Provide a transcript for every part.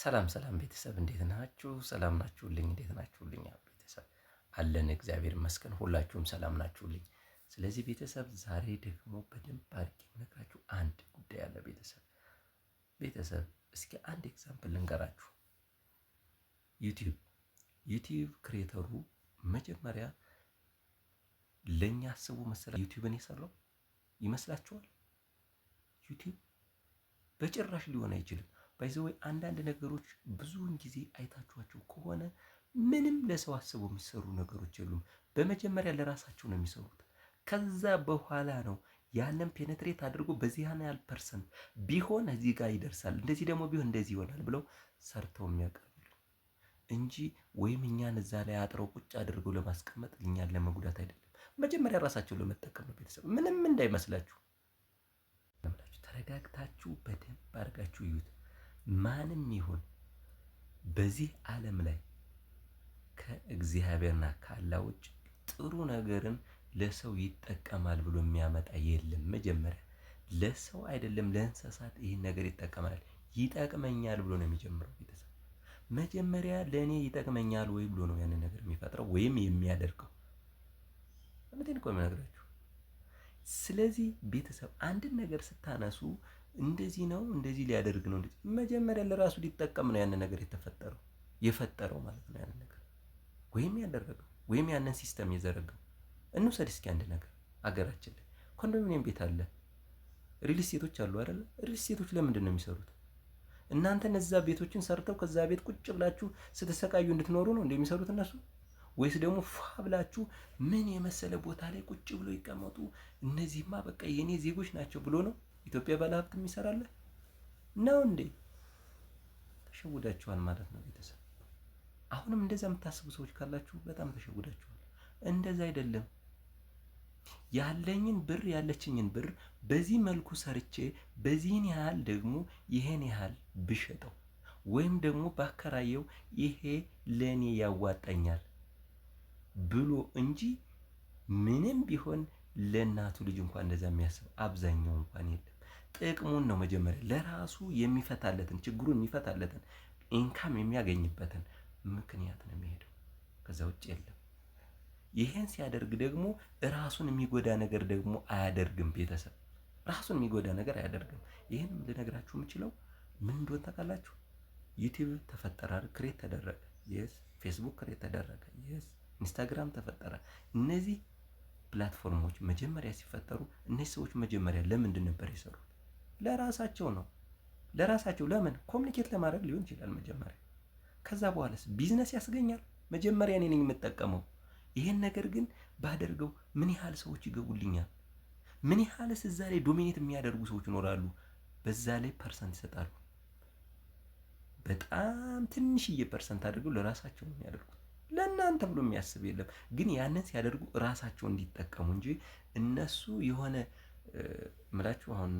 ሰላም ሰላም ቤተሰብ እንዴት ናችሁ? ሰላም ናችሁልኝ? እንዴት ናችሁልኝ? ቤተሰብ አለን እግዚአብሔር ይመስገን። ሁላችሁም ሰላም ናችሁልኝ? ስለዚህ ቤተሰብ ዛሬ ደግሞ በደንብ አድርጌ የምነግራችሁ አንድ ጉዳይ አለ ቤተሰብ። ቤተሰብ እስኪ አንድ ኤግዛምፕል ልንገራችሁ። ዩቲዩብ ዩቲዩብ ክሬተሩ መጀመሪያ ለእኛ አስቡ መሰላ ዩቲዩብን የሰራው ይመስላችኋል? ዩቲዩብ በጭራሽ ሊሆን አይችልም። ወይ አንዳንድ ነገሮች ብዙውን ጊዜ አይታችኋቸው ከሆነ ምንም ለሰው አስቦ የሚሰሩ ነገሮች የሉም። በመጀመሪያ ለራሳቸው ነው የሚሰሩት። ከዛ በኋላ ነው ያንን ፔኔትሬት አድርጎ በዚህ ያህል ፐርሰንት ቢሆን እዚህ ጋር ይደርሳል፣ እንደዚህ ደግሞ ቢሆን እንደዚህ ይሆናል ብለው ሰርተው የሚያቀርቡልን እንጂ ወይም እኛን እዛ ላይ አጥረው ቁጭ አድርገው ለማስቀመጥ እኛን ለመጉዳት አይደለም። መጀመሪያ ራሳቸው ለመጠቀም ነው። ቤተሰብ ምንም እንዳይመስላችሁ፣ ተረጋግታችሁ በደንብ አድርጋችሁ እዩት። ማንም ይሁን በዚህ ዓለም ላይ ከእግዚአብሔርና ከአላህ ውጭ ጥሩ ነገርን ለሰው ይጠቀማል ብሎ የሚያመጣ የለም። መጀመሪያ ለሰው አይደለም ለእንስሳት ይህን ነገር ይጠቀማል ይጠቅመኛል ብሎ ነው የሚጀምረው። ቤተሰብ መጀመሪያ ለእኔ ይጠቅመኛል ወይ ብሎ ነው ያንን ነገር የሚፈጥረው ወይም የሚያደርገው። እውነቴን እኮ የምነግራችሁ። ስለዚህ ቤተሰብ አንድን ነገር ስታነሱ እንደዚህ ነው እንደዚህ ሊያደርግ ነው። መጀመሪያ ለራሱ ሊጠቀም ነው ያንን ነገር የተፈጠረው የፈጠረው ማለት ነው ያንን ነገር ወይም ያደረገው ወይም ያንን ሲስተም የዘረገው። እንውሰድ እስኪ አንድ ነገር አገራችን ላይ ኮንዶሚኒየም ቤት አለ፣ ሪል ስቴቶች አሉ አይደለ? ሪል ስቴቶች ለምንድን ነው የሚሰሩት? እናንተ እዛ ቤቶችን ሰርተው ከዛ ቤት ቁጭ ብላችሁ ስትሰቃዩ እንድትኖሩ ነው እንደሚሰሩት እነሱ ወይስ ደግሞ ፋ ብላችሁ ምን የመሰለ ቦታ ላይ ቁጭ ብሎ ይቀመጡ እነዚህማ በቃ የኔ ዜጎች ናቸው ብሎ ነው ኢትዮጵያ ባለሀብትም ይሰራል ነው እንዴ? ተሸውዳችኋል ማለት ነው ቤተሰብ። አሁንም እንደዛ የምታስቡ ሰዎች ካላችሁ በጣም ተሸውዳችኋል። እንደዛ አይደለም። ያለኝን ብር ያለችኝን ብር በዚህ መልኩ ሰርቼ በዚህን ያህል ደግሞ ይሄን ያህል ብሸጠው ወይም ደግሞ ባከራየው ይሄ ለእኔ ያዋጣኛል ብሎ እንጂ ምንም ቢሆን ለእናቱ ልጅ እንኳን እንደዛ የሚያስብ አብዛኛው እንኳን የለም። ጥቅሙን ነው መጀመሪያ ለራሱ የሚፈታለትን ችግሩን የሚፈታለትን ኢንካም የሚያገኝበትን ምክንያት ነው የሚሄደው። ከዛ ውጭ የለም። ይሄን ሲያደርግ ደግሞ ራሱን የሚጎዳ ነገር ደግሞ አያደርግም። ቤተሰብ ራሱን የሚጎዳ ነገር አያደርግም። ይህን ልነግራችሁ የምችለው ምን እንደሆነ ታውቃላችሁ? ዩቲዩብ ተፈጠረ፣ ክሬት ተደረገ፣ የስ ፌስቡክ ክሬት ተደረገ፣ የስ ኢንስታግራም ተፈጠረ። እነዚህ ፕላትፎርሞች መጀመሪያ ሲፈጠሩ እነዚህ ሰዎች መጀመሪያ ለምንድን ነበር የሰሩት? ለራሳቸው ነው። ለራሳቸው ለምን ኮሚኒኬት ለማድረግ ሊሆን ይችላል መጀመሪያ። ከዛ በኋላስ ቢዝነስ ያስገኛል። መጀመሪያ እኔ ነኝ የምጠቀመው። ይሄን ነገር ግን ባደርገው ምን ያህል ሰዎች ይገቡልኛል? ምን ያህልስ እዛ ላይ ዶሚኔት የሚያደርጉ ሰዎች ይኖራሉ? በዛ ላይ ፐርሰንት ይሰጣሉ። በጣም ትንሽዬ ፐርሰንት አድርገው ለራሳቸው ነው የሚያደርጉት። ለእናንተ ብሎ የሚያስብ የለም። ግን ያንን ሲያደርጉ ራሳቸው እንዲጠቀሙ እንጂ እነሱ የሆነ ምላችሁ አሁን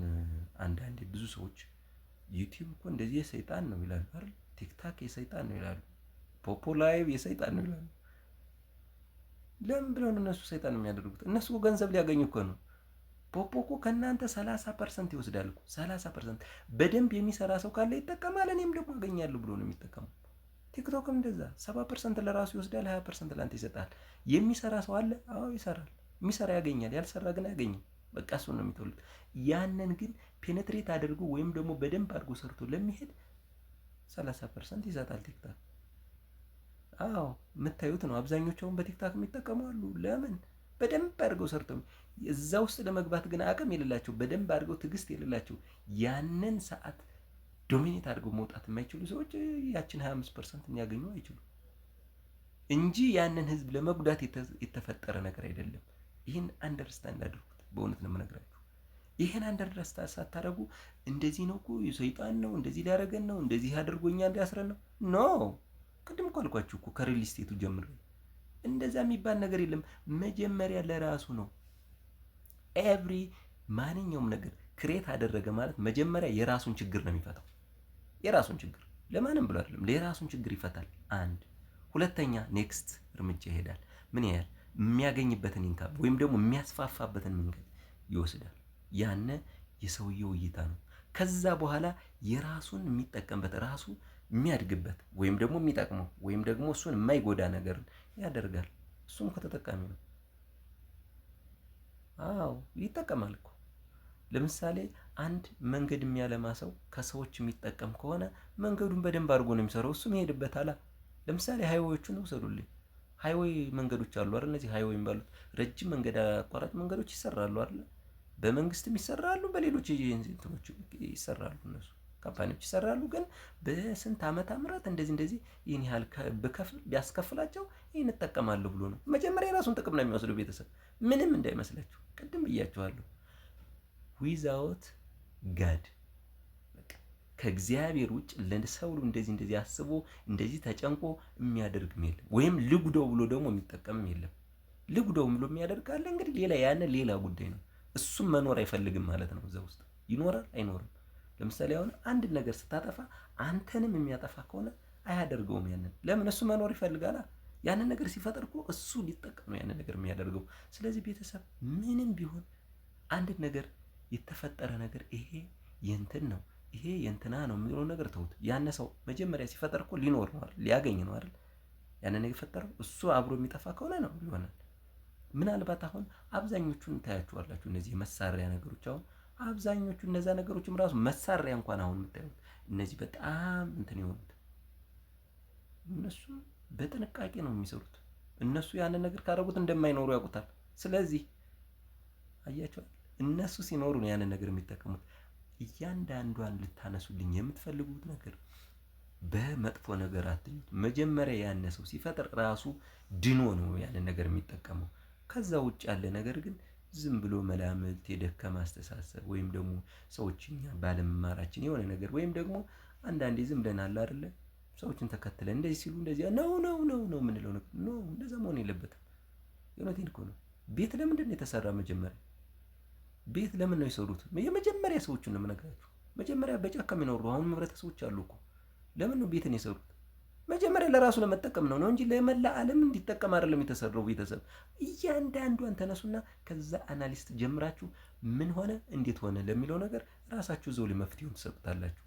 አንዳንዴ ብዙ ሰዎች ዩቲዩብ እኮ እንደዚህ የሰይጣን ነው ይላሉ አይደል? ቲክታክ የሰይጣን ነው ይላሉ፣ ፖፖ ላይቭ የሰይጣን ነው ይላሉ። ለምን ብለው ነው እነሱ ሰይጣን የሚያደርጉት? እነሱ ገንዘብ ሊያገኙ እኮ ነው። ፖፖ እኮ ከእናንተ 30 ፐርሰንት ይወስዳል እኮ 30 ፐርሰንት። በደንብ የሚሰራ ሰው ካለ ይጠቀማል፣ እኔም ደግሞ አገኛለሁ ብሎ ነው የሚጠቀመው። ቲክቶክም እንደዛ 70 ፐርሰንት ለራሱ ይወስዳል፣ 20 ፐርሰንት ለአንተ ይሰጣል። የሚሰራ ሰው አለ? አዎ ይሰራል። የሚሰራ ያገኛል፣ ያልሰራ ግን አያገኝም። በቃ እሱን ነው የሚተውሉት። ያንን ግን ፔኔትሬት አድርጎ ወይም ደግሞ በደንብ አድርጎ ሰርቶ ለሚሄድ 30 ፐርሰንት ይሰጣል ቲክታክ። አዎ የምታዩት ነው። አብዛኞቹ አሁን በቲክታክ የሚጠቀሙ አሉ። ለምን በደንብ አድርገው ሰርተው እዛ ውስጥ ለመግባት ግን አቅም የሌላቸው በደንብ አድርገው ትዕግስት የሌላቸው ያንን ሰዓት ዶሚኔት አድርገው መውጣት የማይችሉ ሰዎች ያችን 25 ፐርሰንት የሚያገኙ አይችሉም እንጂ ያንን ህዝብ ለመጉዳት የተፈጠረ ነገር አይደለም። ይህን አንደርስታንድ አድርጉት። በእውነት ነው የምነግራችሁ። ይህን አንደርስታ ሳታደርጉ እንደዚህ ነው እኮ ሰይጣን ነው እንደዚህ ሊያደርገን ነው እንደዚህ አድርጎኛ እንዲያስረን ነው ኖ ቅድም እኮ አልኳችሁ እኮ ከሪል ስቴቱ እንደዛ የሚባል ነገር የለም። መጀመሪያ ለራሱ ነው ኤቭሪ ማንኛውም ነገር ክሬት አደረገ ማለት መጀመሪያ የራሱን ችግር ነው የሚፈታው። የራሱን ችግር ለማንም ብሎ አይደለም፣ የራሱን ችግር ይፈታል። አንድ ሁለተኛ ኔክስት እርምጃ ይሄዳል። ምን ያህል የሚያገኝበትን ኢንካም ወይም ደግሞ የሚያስፋፋበትን መንገድ ይወስዳል። ያነ የሰውየው እይታ ነው። ከዛ በኋላ የራሱን የሚጠቀምበት ራሱ የሚያድግበት ወይም ደግሞ የሚጠቅመው ወይም ደግሞ እሱን የማይጎዳ ነገርን ያደርጋል። እሱም ከተጠቃሚ ነው። አዎ ይጠቀማል እኮ። ለምሳሌ አንድ መንገድ የሚያለማ ሰው ከሰዎች የሚጠቀም ከሆነ መንገዱን በደንብ አድርጎ ነው የሚሰራው። እሱም ይሄድበታል። ለምሳሌ ሃይዌዎቹን ውሰዱልኝ። ሃይዌይ መንገዶች አሉ አይደል? እነዚህ ሃይዌይ የሚባሉት ረጅም መንገድ አቋራጭ መንገዶች ይሰራሉ አይደል? በመንግስትም ይሰራሉ፣ በሌሎች ኤጀንሲዎች ይሰራሉ፣ እነሱ ካምፓኒዎች ይሰራሉ። ግን በስንት ዓመተ ምህረት እንደዚህ እንደዚህ ይህን ያህል ብከፍል ቢያስከፍላቸው ይህን እጠቀማለሁ ብሎ ነው መጀመሪያ የራሱን ጥቅም ነው የሚወስደው። ቤተሰብ ምንም እንዳይመስላችሁ፣ ቅድም ብያችኋለሁ ዊዛውት ጋድ ከእግዚአብሔር ውጭ ለሰው እንደዚህ እንደዚህ አስቦ እንደዚህ ተጨንቆ የሚያደርግም የለም። ወይም ልጉደው ብሎ ደግሞ የሚጠቀምም የለም። ልጉደው ብሎ የሚያደርግ አለ እንግዲህ ሌላ ያን ሌላ ጉዳይ ነው። እሱም መኖር አይፈልግም ማለት ነው። እዛ ውስጥ ይኖራል አይኖርም። ለምሳሌ አሁን አንድን ነገር ስታጠፋ አንተንም የሚያጠፋ ከሆነ አያደርገውም። ያንን ለምን እሱ መኖር ይፈልጋላ። ያንን ነገር ሲፈጠር እኮ እሱ ሊጠቀም ነው ያንን ነገር የሚያደርገው። ስለዚህ ቤተሰብ ምንም ቢሆን አንድ ነገር የተፈጠረ ነገር ይሄ ይንትን ነው ይሄ የእንትና ነው የሚለው ነገር ተውት። ያነ ሰው መጀመሪያ ሲፈጠር እኮ ሊኖር ነው አይደል? ሊያገኝ ነው አይደል? ያነ ነገር የፈጠረው እሱ አብሮ የሚጠፋ ከሆነ ነው ይሆናል። ምናልባት አሁን አብዛኞቹን ታያችኋላችሁ፣ እነዚህ መሳሪያ ነገሮች አሁን አብዛኞቹ እነዛ ነገሮችም ራሱ መሳሪያ እንኳን አሁን የምታዩት እነዚህ በጣም እንትን የሆኑት እነሱ በጥንቃቄ ነው የሚሰሩት። እነሱ ያንን ነገር ካደረጉት እንደማይኖሩ ያውቁታል። ስለዚህ አያቸዋል። እነሱ ሲኖሩ ነው ያንን ነገር የሚጠቀሙት። እያንዳንዷን ልታነሱልኝ የምትፈልጉት ነገር በመጥፎ ነገር አትዩት። መጀመሪያ ያነ ሰው ሲፈጥር ራሱ ድኖ ነው ያንን ነገር የሚጠቀመው። ከዛ ውጭ ያለ ነገር ግን ዝም ብሎ መላምት፣ የደከመ አስተሳሰብ ወይም ደግሞ ሰዎች እኛ ባለመማራችን የሆነ ነገር ወይም ደግሞ አንዳንዴ ዝም ብለን አለ አይደለ ሰዎችን ተከትለን እንደዚህ ሲሉ እንደዚህ ነው ነው ነው ነው የምንለው ነው። እንደዛ መሆን የለበትም። የእውነቴን እኮ ነው። ቤት ለምንድን ነው የተሰራ መጀመሪያ ቤት ለምን ነው የሰሩት? የመጀመሪያ ሰዎችን ነው የምነግራችሁ። መጀመሪያ በጫካ የሚኖሩ አሁንም ህብረተሰቦች አሉ እኮ ለምን ነው ቤትን የሰሩት? መጀመሪያ ለራሱ ለመጠቀም ነው ነው እንጂ ለመላ ዓለም እንዲጠቀም አይደለም የተሰራው። ቤተሰብ እያንዳንዷን ተነሱና ከዛ አናሊስት ጀምራችሁ ምን ሆነ እንዴት ሆነ ለሚለው ነገር ራሳችሁ ዘው መፍትሄውን ትሰጡታላችሁ።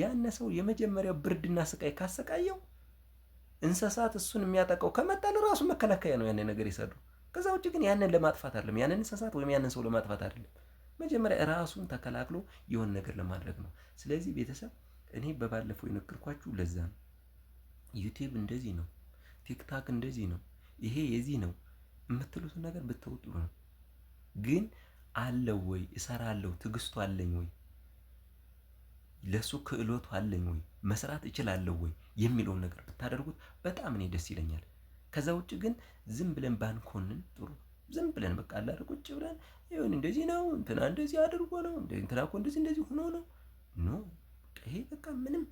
ያነ ሰው የመጀመሪያው ብርድና ስቃይ ካሰቃየው እንስሳት እሱን የሚያጠቃው ከመጣ ለራሱ መከላከያ ነው ያኔ ነገር የሰራው። ከዛ ውጭ ግን ያንን ለማጥፋት አይደለም፣ ያንን እንስሳት ወይም ያንን ሰው ለማጥፋት አይደለም። መጀመሪያ ራሱን ተከላክሎ የሆነ ነገር ለማድረግ ነው። ስለዚህ ቤተሰብ እኔ በባለፈው የነገርኳችሁ ለዛ ነው። ዩቲዩብ እንደዚህ ነው፣ ቲክታክ እንደዚህ ነው፣ ይሄ የዚህ ነው የምትሉትን ነገር ብትወጡ ነው። ግን አለው ወይ እሰራለሁ፣ ትዕግስቱ አለኝ ወይ ለሱ ክዕሎቱ አለኝ ወይ መስራት እችላለሁ ወይ የሚለውን ነገር ብታደርጉት በጣም እኔ ደስ ይለኛል። ከዛ ውጭ ግን ዝም ብለን ባንኮንን ጥሩ። ዝም ብለን በቃ አላረ ቁጭ ብለን ይሁን እንደዚህ ነው እንትና እንደዚህ አድርጎ ነው እንትና እኮ እንደዚህ እንደዚህ ሆኖ ነው ኖ ይሄ በቃ ምንም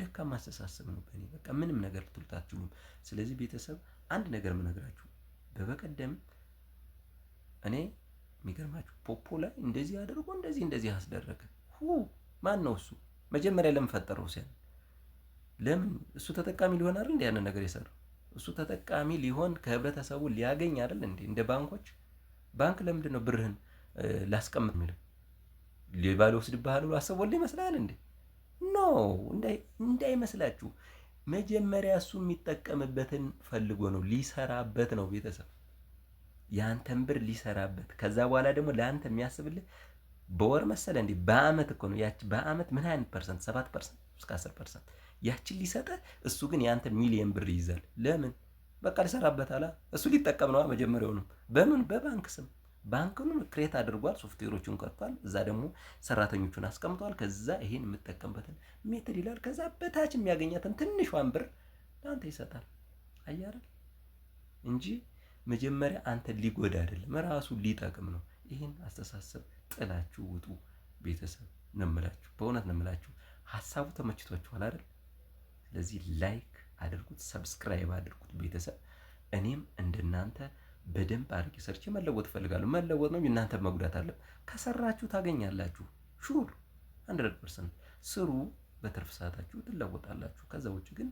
ደካማ አስተሳሰብ ነው። በእኔ በቃ ምንም ነገር ልትሉት አትችሉም። ስለዚህ ቤተሰብ አንድ ነገር ምነግራችሁ በበቀደም እኔ የሚገርማችሁ ፖፖ ላይ እንደዚህ አድርጎ እንደዚህ እንደዚህ አስደረገ። ሁ ማን ነው እሱ? መጀመሪያ ለምን ፈጠረው? ሲያን ለምን እሱ ተጠቃሚ ሊሆን አይደል እንደ ያንን ነገር የሰራው እሱ ተጠቃሚ ሊሆን ከህብረተሰቡ ሊያገኝ አይደል እንዴ? እንደ ባንኮች ባንክ ለምንድን ነው ብርህን ላስቀምጥ የሚለው? ሌባ ሊወስድብሃል ብሎ አስቦልህ ይመስላል እንዴ? ኖ እንዳይመስላችሁ። መጀመሪያ እሱ የሚጠቀምበትን ፈልጎ ነው፣ ሊሰራበት ነው። ቤተሰብ የአንተን ብር ሊሰራበት፣ ከዛ በኋላ ደግሞ ለአንተ የሚያስብልህ በወር መሰለ እንዴ? በአመት እኮ ነው ያቺ። በአመት ምን አይነት ፐርሰንት? ሰባት ፐርሰንት እስከ አስር ፐርሰንት ያችን ሊሰጠ እሱ ግን የአንተ ሚሊየን ብር ይይዛል። ለምን? በቃ ሊሰራበት አላ እሱ ሊጠቀም ነዋ። መጀመሪያውንም በምን በባንክ ስም ባንክኑን ክሬት አድርጓል፣ ሶፍትዌሮቹን ቀጥቷል። እዛ ደግሞ ሰራተኞቹን አስቀምጧል። ከዛ ይሄን የምጠቀምበትን ሜትድ ይላል። ከዛ በታች የሚያገኛትን ትንሿን ብር ለአንተ ይሰጣል። አያረ እንጂ መጀመሪያ አንተ ሊጎዳ አይደለም፣ ራሱ ሊጠቅም ነው። ይህን አስተሳሰብ ጥላችሁ ውጡ ቤተሰብ ነው በእውነት ነው ሀሳቡ ተመችቷችኋል አይደል? ስለዚህ ላይክ አድርጉት፣ ሰብስክራይብ አድርጉት። ቤተሰብ እኔም እንደናንተ በደንብ አድርጌ ሰርቼ መለወጥ እፈልጋለሁ። መለወጥ ነው እናንተ መጉዳት አለም። ከሰራችሁ ታገኛላችሁ። ሹር 100% ስሩ። በትርፍ ሰዓታችሁ ትለወጣላችሁ። ከዛ ውጭ ግን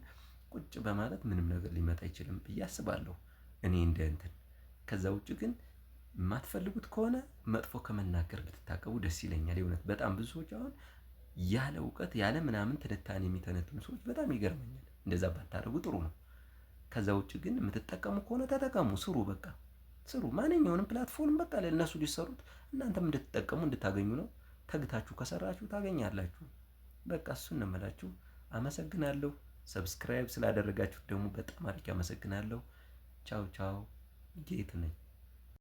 ቁጭ በማለት ምንም ነገር ሊመጣ አይችልም ብዬ አስባለሁ። እኔ እንደ እንትን ከዛ ውጭ ግን የማትፈልጉት ከሆነ መጥፎ ከመናገር ብትታቀቡ ደስ ይለኛል። የእውነት በጣም ብዙ ሰዎች አሁን ያለ እውቀት ያለ ምናምን ትንታኔ የሚተነትኑ ሰዎች በጣም ይገርመኛል። እንደዛ ባታደርጉ ጥሩ ነው። ከዛ ውጭ ግን የምትጠቀሙ ከሆነ ተጠቀሙ፣ ስሩ፣ በቃ ስሩ። ማንኛውንም ፕላትፎርም በቃ ለእነሱ ሊሰሩት እናንተም እንድትጠቀሙ እንድታገኙ ነው። ተግታችሁ ከሰራችሁ ታገኛላችሁ። በቃ እሱ እንመላችሁ። አመሰግናለሁ። ሰብስክራይብ ስላደረጋችሁ ደግሞ በጣም አሪፍ አመሰግናለሁ። ቻው ቻው። ጌት ነኝ።